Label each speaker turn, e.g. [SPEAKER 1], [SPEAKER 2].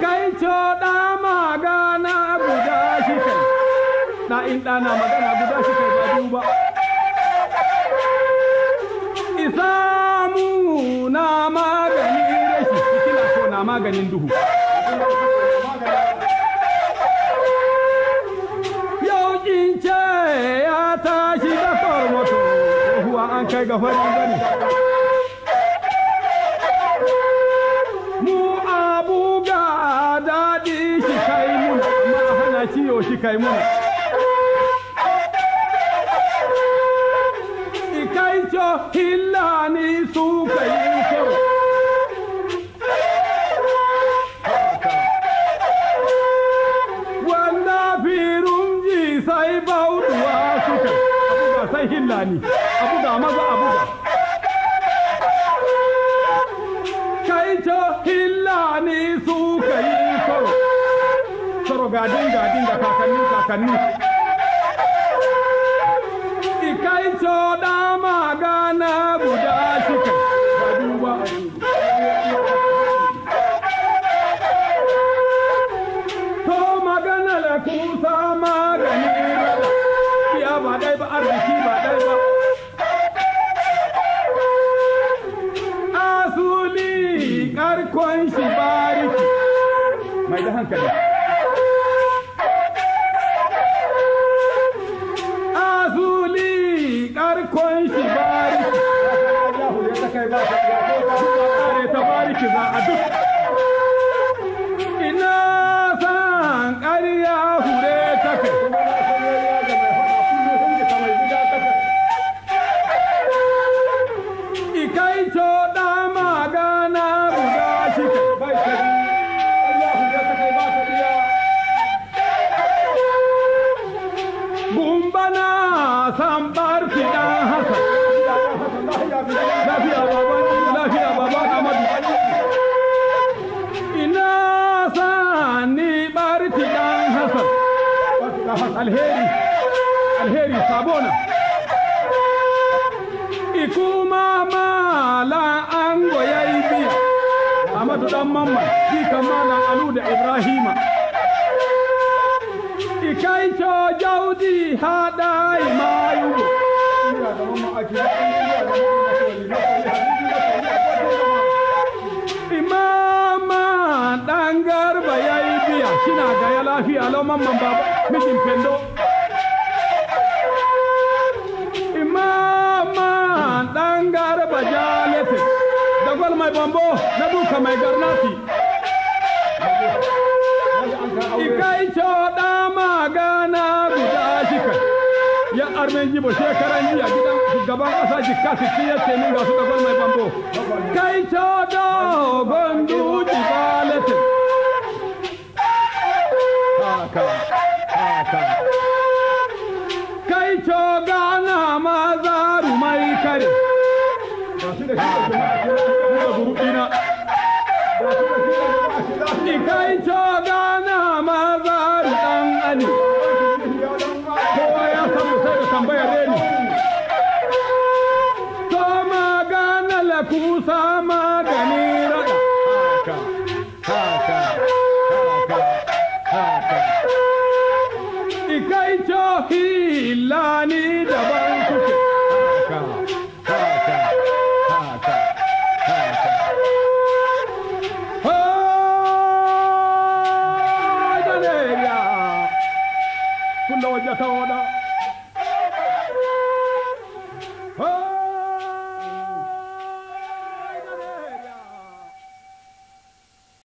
[SPEAKER 1] kai co da magana guda shi kai na in ɗana magana guda shi kai ba duba mu na maganin rashi kina ko na maganin duhu yau kince ya tashi da kormoto huwa an kai ga farin gani ciyo shi kai muna ikai cho hillani su kai kyau wanda firun ji sai bauduwa su kai abuga sai abuga maza abuga kai cho ga dinga dinga kakanni kakanni to da magana guda shi kai ba duba to magana la kusa magani ya ba dai ba arziki ba dai ba asuli karkon shi bariki mai da hankali ya ta a duk ina alheri alheri sabona ikuma mala ango yayi biya amadu dan mama ji kamala alu da ibrahima ikaito jaudi hadai mayu. imama ɗan garba yayi biya kina gaya. lafiya lau mamman baba mishin fendo dan garba jalete da mai bambo na duka mai garnati ikai magana guda shika ya armen jibo shekaran jiya gidan gaban kasa jika su ya ce da mai bambo kai gondu jibalete haka haka kai cogana maza rumai kare kai maza rudan ali kowa ya samu sai da tambayar reni to Gana la kusa jahilani daban